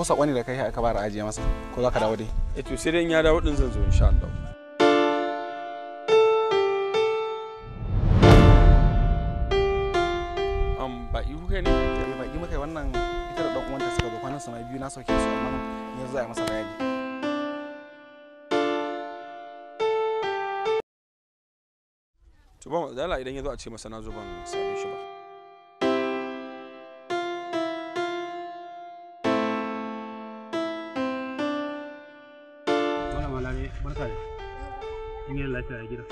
ko sako da kai aka bara ajiye masa ko za ka dawo dai eh to sai dai in ya dawo din zan zo insha Allah am ba ihu kai ne kai ba ihu kai wannan ita da dan uwanta suka zo kwanan sama biyu na sauke su amma yanzu za a masa bayani to ba zala idan ya zo a ce masa na zo ban same shi ba lafiya a gida?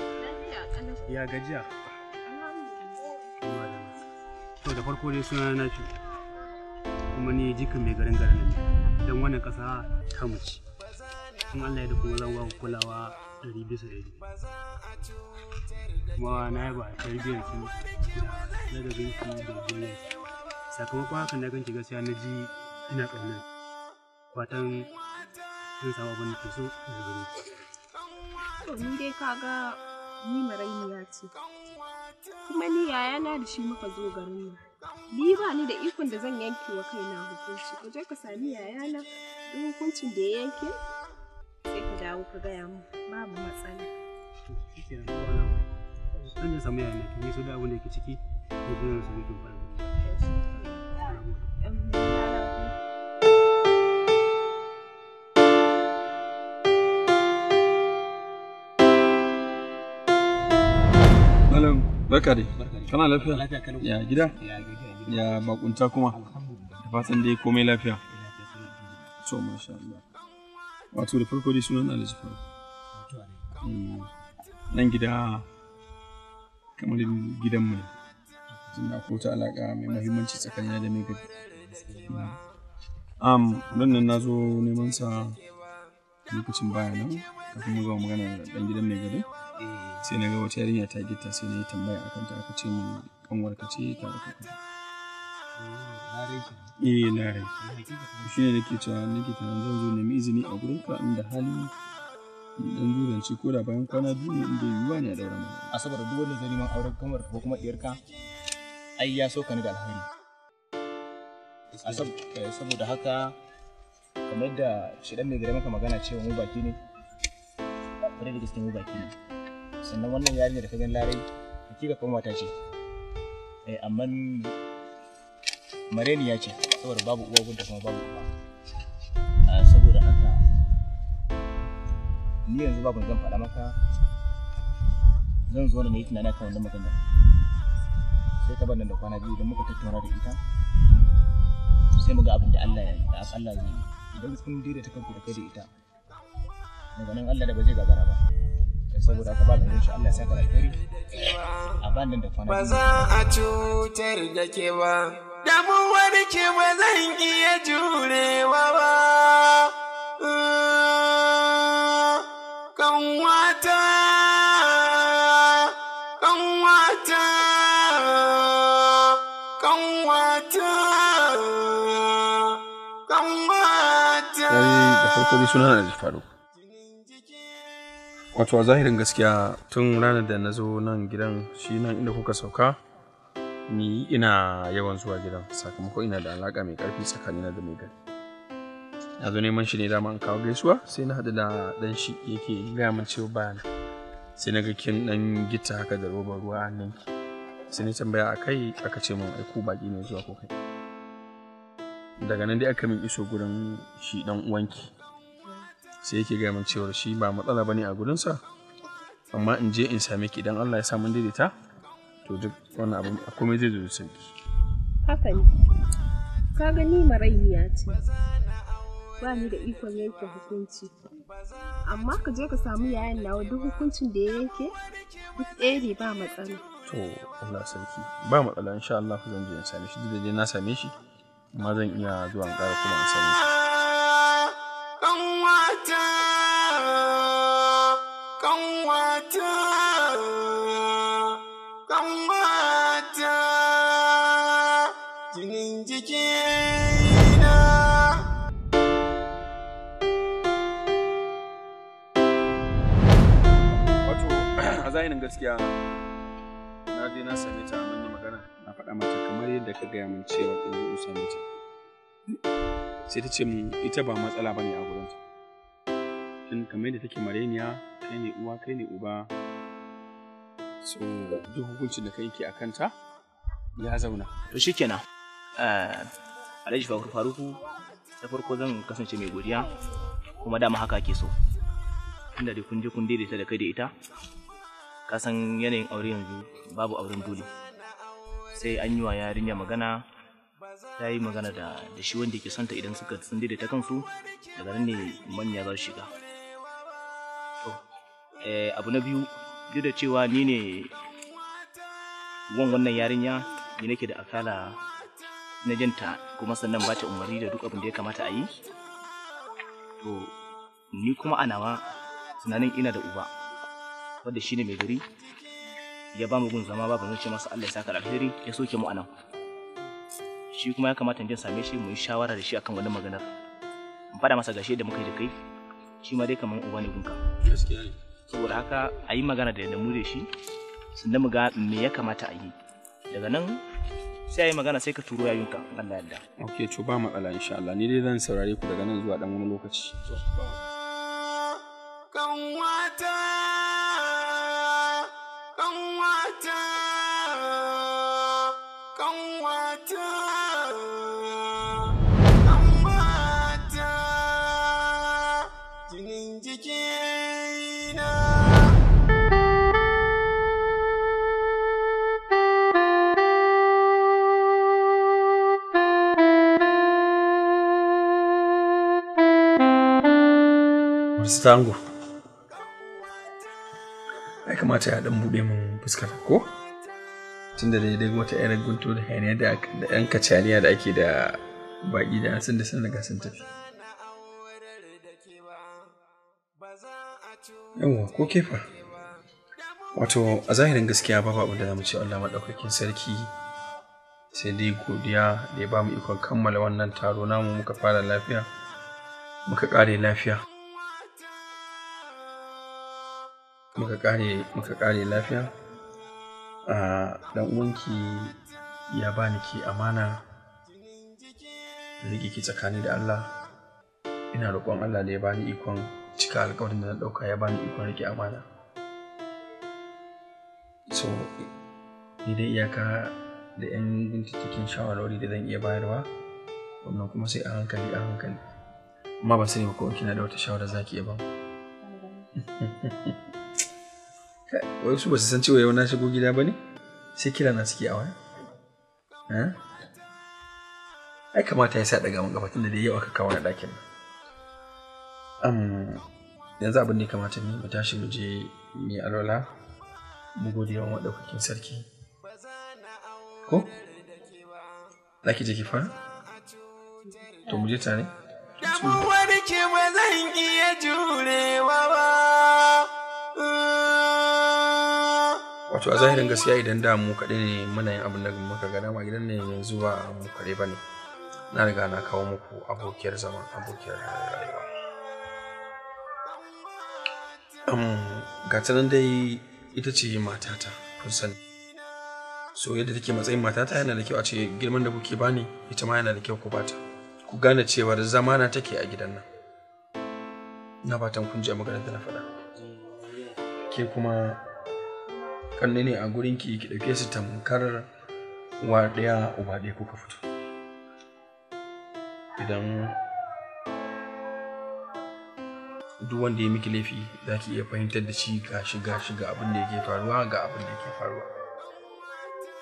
Ya gajiya? To da farko dai suna na fi kuma ni jikin mai garin garin ne wannan kasa ta mace. In Allah ya da kuma zan ku kulawa ɗari bisa ɗari. Kuma na yaba a tarbiyyar na da ladabin ki Sakamakon na ganki gaskiya na ji ina ƙaunar. Fatan zan samu abin da ke so da gani. to ni dai ka ga ni marainiya ce kuma ni yayana da shi muka zo garin nan ni ba ni da ikon da zan yanke wa kaina hukunci ka je ka sami yayana duk hukuncin da ya yanke sai ka dawo ka gaya mu babu matsala to shi kenan ko ana an ya samu yayana to ni so da abin da yake ciki ko kuma na samu kin fara Barka dai. Kana lafiya? Ya gida? Ya bakunta kuma? Da fatan dai komai lafiya. To masha Allah. Wato da farko dai sunan Alhaji Faru. Hmm. Nan gida kamar gidan mai. Tunda ko ta alaka mai mahimmanci tsakanin da mai gari. Hmm. am nan nan na zo neman sa lokacin baya nan kafin mu gama magana da dan gidan mai gari. sai na ga wata yarinya ta gita sai na yi tambaya akan ta aka ce mun kanwar ka ce ta aka kuka eh na rai shi ne nake cewa nake tunanin zan zo nemi izini a gurin ka inda hali dan zuranci ko da bayan kwana biyu ne inda yiwuwa ne a daura mana a saboda duk wanda zai neman auren kamar ko kuma diyarka ai ya so ka ni da alheri eh, saboda haka kamar da shi dan mai gare maka magana cewa mu baki ne bare da gaske mu baki ne sannan wannan yari da ka gani larai hakika wata ce eh amma ya ce saboda babu uwa gudda kuma babu uba ah, saboda haka ni yanzu babu zan faɗa maka zan zo da mai tunani kan wannan magana sai ka nan da kwana biyu idan muka tattauna da ita sai mu ga abin da Allah ya da Allah zai yi idan kun ta kanku da kai da ita maganin Allah da ba zai gagara ba saboda ka ba da shi Allah ya saka alheri a ban da kwana ba za a cutar da ke ba da mun warke ba zan iya jurewa ba kan wata kan wata kan wata kan wata da farko dai suna na faruk wato a zahirin gaskiya tun ranar da na zo nan gidan shi nan inda kuka sauka ni ina yawan zuwa gidan sakamakon ina da alaƙa mai ƙarfi tsakanina da mai gari na zo neman shi ne dama an kawo gaisuwa sai na haɗu da ɗan shi yake gaya min cewa bayana sai na ga kin ɗan gita haka da robar ruwa a nan sai na tambaya a kai aka ce min aiku baƙi ne zuwa ko kai daga nan dai aka min iso gurin shi ɗan uwanki sai yake gaya min cewar shi ba matsala bane a gurinsa amma in je in same ki idan Allah ya sa mun daidaita to duk wani abu a komai zai zo sauki haka ne ka gani ya ce ba ni da ikon yanke hukunci amma ka je ka samu yayan nawa duk hukuncin da ya yanke duk tsere ba matsala to Allah sarki ba matsala insha Allah zan je in same shi duk da dai na same shi amma zan iya zuwa in ƙara kuma in same shi jikina wato a zahirin gaskiya na je na same ta mun yi magana na faɗa mata kamar yadda ka gaya min cewa in zo in same ta sai ta ce mu ita ba matsala ba ne a gurinta tun kamar yadda take mareniya kai ne uwa kai ne uba so duk hukuncin da ka ke a kanta ya zauna to shikenan Eh, alhaji faruku ta farko zan kasance mai godiya kuma dama haka ke so inda dai kun je kun daidaita da kai da ita kasan yanayin aure yanzu babu auren dole sai an yi wa yarinya magana ta yi magana da shi wanda ke santa idan suka sun daidaita kansu daga garin ne manya za su shiga eh, abu na biyu duk da cewa ni ne wannan yarinya ni nake da akala na jinta kuma sannan ba ta umarni da duk abin da ya kamata a yi to ni kuma a nawa tunanin ina da uba wanda shine mai gari ya ba mu gun zama ba zan ce masa Allah ya saka alheri ya soke mu anan shi kuma ya kamata in same shi mu yi shawara da shi akan wannan maganar in fada masa gashi da muka yi da kai shi ma dai kamar uba ne gunka gaskiya ne saboda haka a yi magana da mu da shi sannan mu ga me ya kamata a yi daga nan sai yi magana sai ka turo yayinka Allah yarda okay to ba matsala insha Allah ni dai zan saurare ku daga nan zuwa dan wani lokaci kan wata kan wata Stango. Ai kamata ya dan bude mun fuskar ko? Tun da daidai wata yar gunto da hayaniya da ƴan kacaniya da ake da baƙi da an san da sun riga sun tafi. Yawwa ko kefa? Wato a zahirin gaskiya ba babu abin da za ce Allah maɗaukakin sarki sai dai godiya da ya ba mu ikon kammala wannan taro namu muka fara lafiya muka ƙare lafiya. muka kare muka kare lafiya dan uwanki ya ni ki amana rike ki tsakani da Allah ina roƙon Allah da ya bani ikon cika alƙawarin da na ɗauka ya bani ikon rike amana so ni dai iyaka da 'yan cikin shawarwari da zan iya bayarwa wannan kuma sai a hankali a hankali amma ba sai ba ko kina da wata shawara zaki iya ba wai su ba su san cewa yau na shigo gida ba ne sai kira na suke awa waya eh? ai kamata ya sa daga mun gabatun da yau aka kawo na ɗakin nan yanzu abin da ya kamata ne mu tashi mu je mu alola alwala mu gode wa maɗaukakin sarki ko za ki je ki fara to mu je tare da mu wani ke ba zan iya jurewa ba wato a zahirin gaskiya idan da mu kaɗai ne muna yin abin da muka ga dama gidan ne yanzu ba mu kaɗai ba ne na riga na kawo muku abokiyar zama abokiyar rayuwa um, gata nan dai ita ce matata kun sani so yadda take matsayin matata yana da kyau a ce girman da kuke bani ita ma yana da kyau ku bata ku gane cewar zamana take a gidan nan na fatan kun ji a maganar da na faɗa ke kuma kan ne a gurin ki ki dauke su tamkar wa daya uba daya kuka fito idan duk wanda ya miki laifi za ki iya fahimtar da shi ga shi ga shi ga abin da yake faruwa ga abin da yake faruwa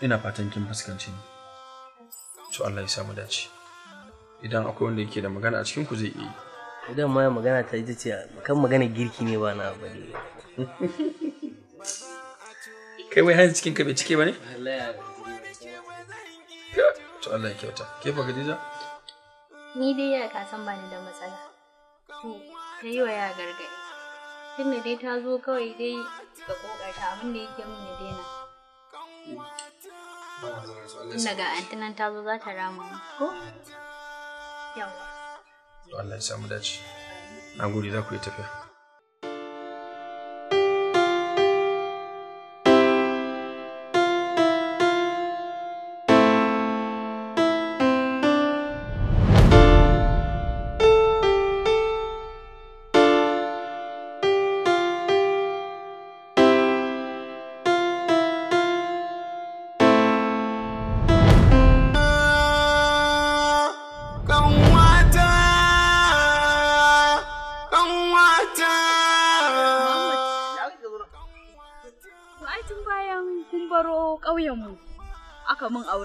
ina fatan kin fuskanci ni to Allah ya samu dace idan akwai wanda yake da magana a cikin ku zai iya yi idan ma magana ta ita ce kan magana girki ne ba na bane. kai wai hanzu cikin kabe cike ba ne? to Allah ya kyauta ke fa Khadija ni dai ya ka san ba ni da matsala ta yi wa ya gargaɗi tun da dai ta zo kawai dai ga kokarta abin da yake mun daina tun daga antinan ta zo za ta rama ko yawa to Allah ya samu dace na gode za ku yi tafiya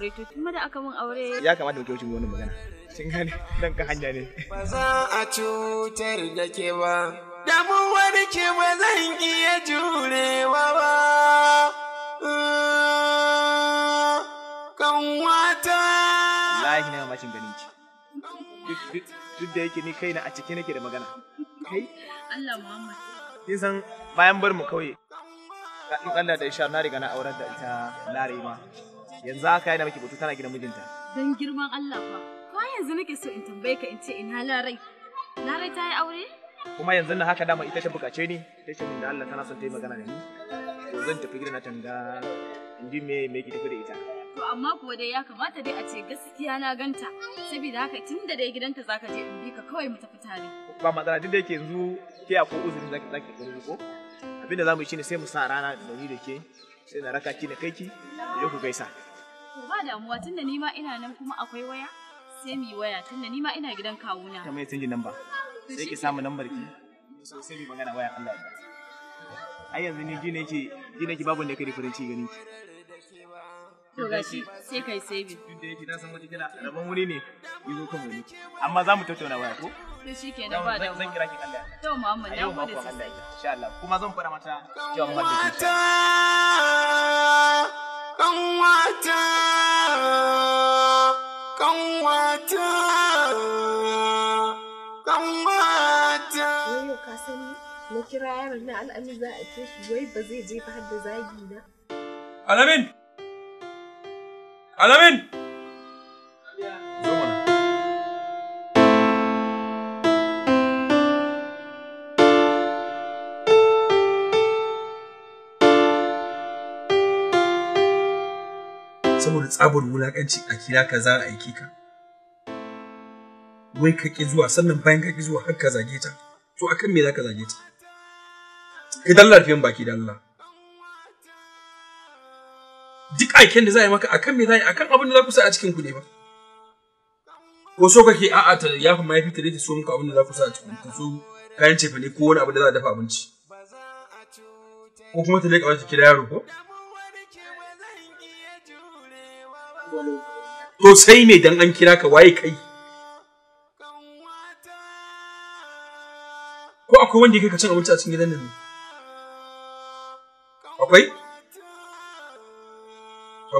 aure to tun da aka mun aure ya kamata mu kauce wannan magana kin gane dan ka hanya ne ba za a cutar da ke ba da mu wani ke ba zan iya jurewa ba kan wata lahi na mamacin ganin ki duk da yake ni kaina a ciki nake da magana kai Allah Muhammad kin san bayan bar mu kauye Allah da isha na riga na aurar da ita Larima yanzu haka yana miki batu tana gidan mijinta dan girman Allah fa ko yanzu nake so in tambaye ka in ce ina larai larai ta yi aure kuma yanzu na haka dama ita ta bukace ni ta ce min da Allah tana son ta yi magana da ni to zan tafi gidan tanga in ji me me ki tafi da ita to amma kuwa dai ya kamata dai a ce gaskiya na ganta saboda haka tun da dai gidanta zaka je in bi ka kawai mu tafi tare ba matsala duk da yake yanzu ke ko uzuri zaki zaki gani ko abinda zamu yi shine sai mu sa rana da ni da ke sai na raka ki na kai ki ku gaisa To ba damuwa tunda ni ma ina nan kuma akwai waya sai mu yi waya tunda ni ma ina gidan kawuna. Ta mai canji namba. Sai ki samu lambar ki. Sai mu magana waya Allah ya. Ai yanzu ni ji ki ji ki babu da kai farin ci ganin ki. To gashi sai kai sai bi. Tunda yake na san wata kira rabon wuri ne yi zo kan wuri. Amma za mu tattauna waya ko? To shi ke nan ba da Zan kira ki Allah. To Muhammad na gode sosai. Insha Allah kuma zan fara mata cewa mu ba kanwata kanwata kanwata yau ka sani na kira yaron na al'amin za a ce shi wai ba zai je har da zagi na alamin alamin saboda tsabar wulakanci a kira ka za a aike ka wai ka ki zuwa sannan bayan ka ki zuwa har ka zage ta to akan me za ka zage ta ki dan lafiyan baki da Allah duk aiken da za a yi maka akan me za a yi akan abin da za ku sa a cikin ku ne ba ko so kake a'a ta ya ma yafi ta ta so muka abin da za ku sa a cikin ku so kayan cefane ko wani abu da za a dafa abinci ko kuma ta leƙa wata kira yaro ko to sai me dan an kira ka waye kai ko akwai wanda ya kacin cin abinci a cikin gidan nan akwai to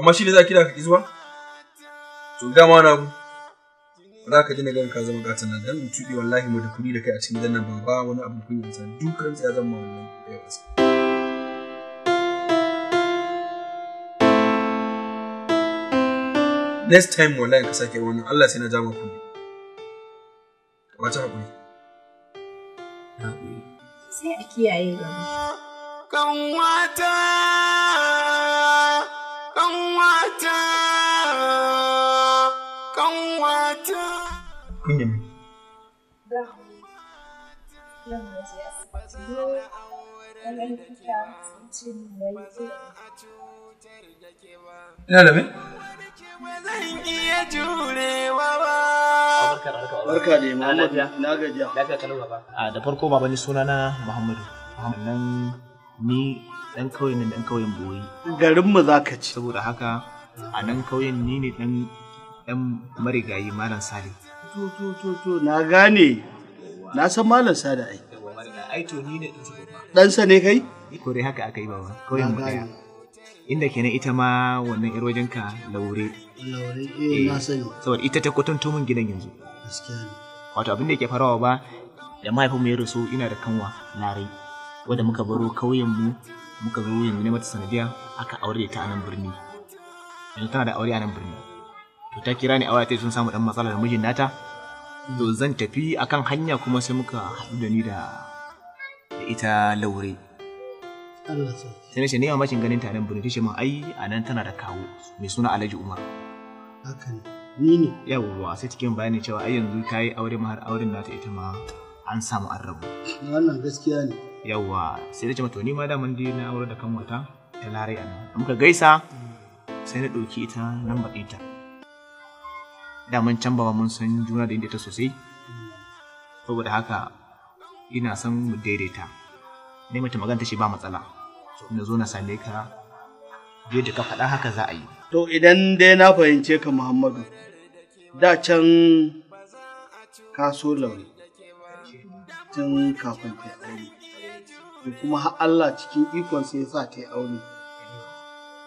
amma shi ne za kira ka zuwa? to dama na bu za ka ji na ka zama gatan nan dan mutubi wallahi mu da kuri da kai a cikin gidan nan ba wani abu kun yi dukan sai ya zama wallahi ya wasa next time wallahi ka sake wannan Allah sai na ja maka ne wata ta haƙuri sai a kiyaye gaba kan wata kan wata kan wata kun yi Ina da mai jurewa ba. Barka ne Muhammadu na gajiya. A da farko baba ni suna na Muhammadu. Nan ni dan kauyen ne dan kauyen boye. Garin mu ka ci. Saboda haka a nan kauyen ni ne dan dan marigayi Malam Sale. To to to to na gane. Na san Malam Sale ai. Ai to ni ne ɗan sa ne kai? Ko haka aka yi baba. Kauyen mu daya. inda kenan ita ma wannan yar wajenka laure laure eh, eh na sani saboda ita ta kwatanto min gidan yanzu gaskiya ne wato abin da yake farawa ba da mahaifin mu ya rasu ina da kanwa lare wanda muka baro kauyen mu muka zo yanzu ne mata sanadiya aka aure ta a nan birni yanzu tana da aure a nan birni to ta kira ni aure ta sun samu dan matsala da mijin nata to zan tafi akan hanya kuma sai muka haɗu da ni da ita laure Allah sai ce ne mamakin ganin ta nan birni tace min ai a nan tana da kawo mai suna Alhaji Umar haka ni yawwa sai take min bayani cewa ai yanzu ta yi aure mahar auren nata ita ma an samu an rabu wannan gaskiya ne yawwa sai na ce mata ni ma da mun na aure da kanwata ta larai a nan muka gaisa sai na ɗauki ita nan baɗinta da mun can ba mun san juna da inda ta sosai saboda haka ina san mu daidaita ne mata magana ta ce ba matsala so na zo na same ka yadda ka faɗa haka za a yi to idan dai na fahimce ka muhammadu da can ka so lauri tun kafin ta aure to kuma har Allah cikin ikon sai sa ta yi aure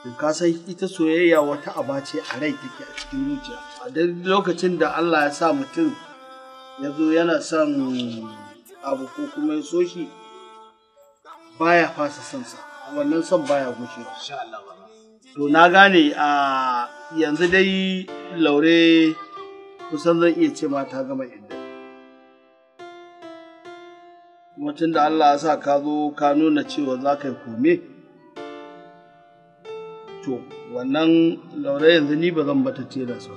to ka san ita soyayya wata aba ce a rai take a cikin zuciya a duk lokacin da Allah ya sa mutum ya zo yana son abu ko kuma ya so shi baya fasa son sa wannan son baya gushe insha to na gane a yanzu dai laure kusan zan iya ce ma ta gama inda mutum da Allah ya sa ka zo ka nuna cewa za ka yi kome to wannan laure yanzu ni ba zan bata tilas ba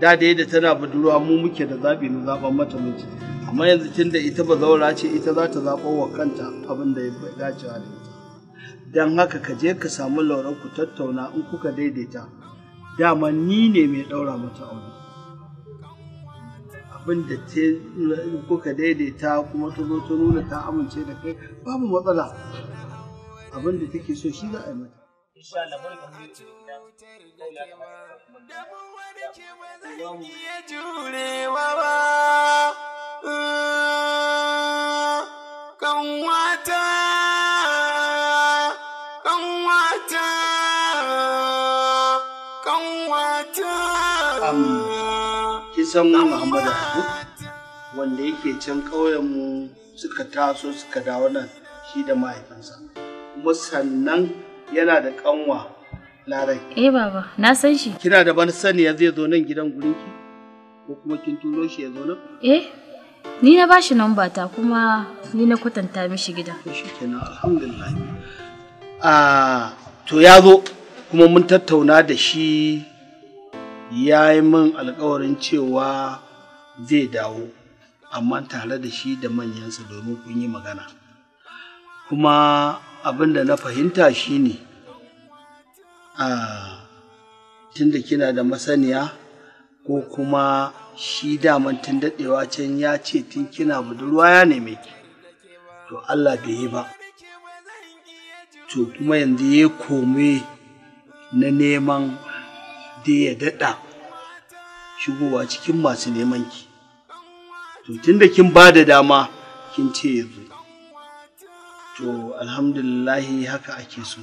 da dai da tana budurwa mu muke da zaɓi na zaɓen mata miji amma yanzu tun da ita ba zaura ce ita za ta zaɓo wa kanta abin da ya dacewa da ita don haka ka je ka samu lauran ku tattauna in kuka daidaita dama ni ne mai ɗaura mata aure abin da kuka daidaita kuma ta zo ta nuna ta amince da kai babu matsala abin da take so shi za a yi mata insha Allah mun da mu wani ke ba zan iya jurewa ba kisan kanwata kanwata Muhammadu Habu wanda yake can ƙauyenmu suka taso suka dawo nan shi da mahaifinsa kuma sannan yana da kanwa larai eh baba na san shi kina da ban sani ya zai zo nan gidan gurinki ko kuma kin turo shi ya zo nan eh Ni na bashi namba ta kuma ni na kwatanta mishi gida. Ah, to ya zo kuma mun tattauna da shi ya yi min alkawarin cewa zai dawo amma tare da shi da manyansa domin kun yi magana. Kuma abin da na fahimta shi ne ah, tunda kina da masaniya ko kuma shi daman tun daɗewa can ya ce tun kina budurwa ya neme ki to Allah bai yi ba to kuma yanzu ya kome na neman da ya daɗa shigowa cikin masu neman ki to tun da kin ba da dama kin ce ya zo to alhamdulillahi haka ake so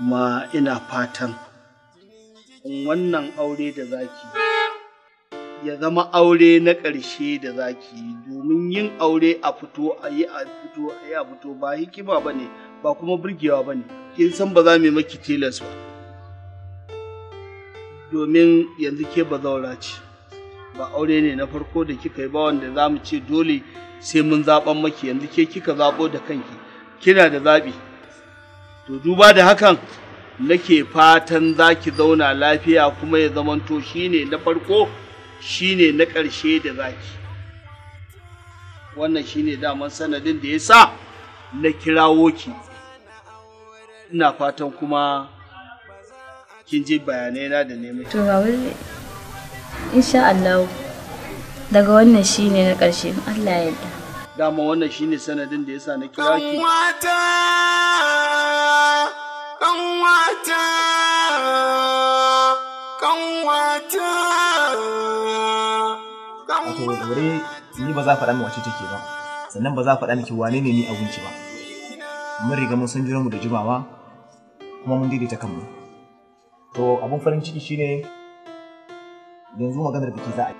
ma ina fatan wannan aure da zaki ya zama aure na ƙarshe da za ki yi domin yin aure a fito a yi a fito a yi a fito ba hikima ba ne ba kuma burgewa ba ne kin san ba za mu maki tilas ba domin yanzu ke ba zaura ce ba aure ne na farko da kika yi ba wanda za mu ce dole sai mun zaɓan maki yanzu ke kika zaɓo da kanki kina da zaɓi to duba da hakan nake fatan za ki zauna lafiya kuma ya zamanto shine na farko shine na ƙarshe da zaki wannan shine daman sanadin da ya sa na kirawo ki ina fatan kuma kin ji bayanai na da neman to ba wai insha Allah daga wannan shine na ƙarshe Allah ya yarda dama wannan shine sanadin da ya sa na kira ki kanwata kanwata kanwata wato gore ni ba za faɗa min wace take ba sannan ba za faɗa miki wane ne ni abinci ba mun riga mun san junanmu da jimawa kuma mun daidaita kanmu to abun farin ciki shine yanzu maganar da za a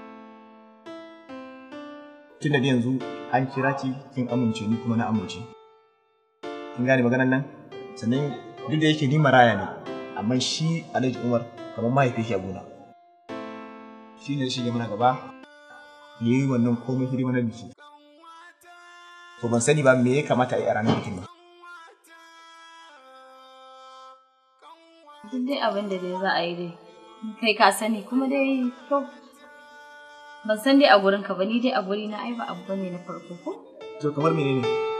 tunda da yanzu an kira ki kin amince ni kuma na amince kin gane maganar nan sannan duk da yake ni maraya ne amma shi Alhaji Umar kamar mahaifi a gona shi ne shi mana gaba ya yi wannan komai hidima na biki to ban sani ba me ya kamata a yi a ranar bikin ba. duk dai abin da dai za a yi dai kai ka sani kuma dai to ban san dai a gurinka ba ni dai a guri na ai ba abu bane na farko ko to kamar menene ne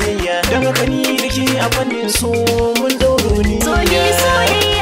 jayayya don haka ni da ke a fannin so mun dauro ni soyayya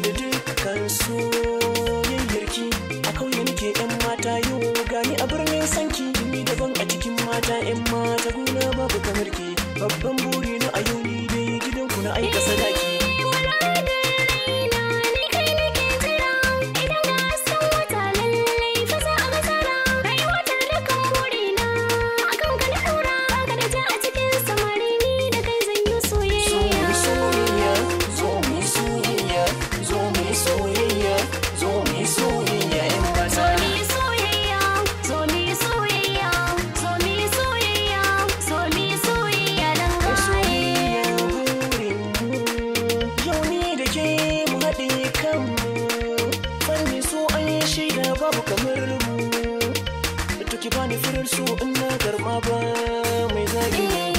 nake da dukkan soyayyarki a kauye nake yan mata yau gani a birnin sanki ni daban a cikin mata yan mata gona babu kamar ki babban babu kamar mu Tuki bani firar su in na garma ba mai zagi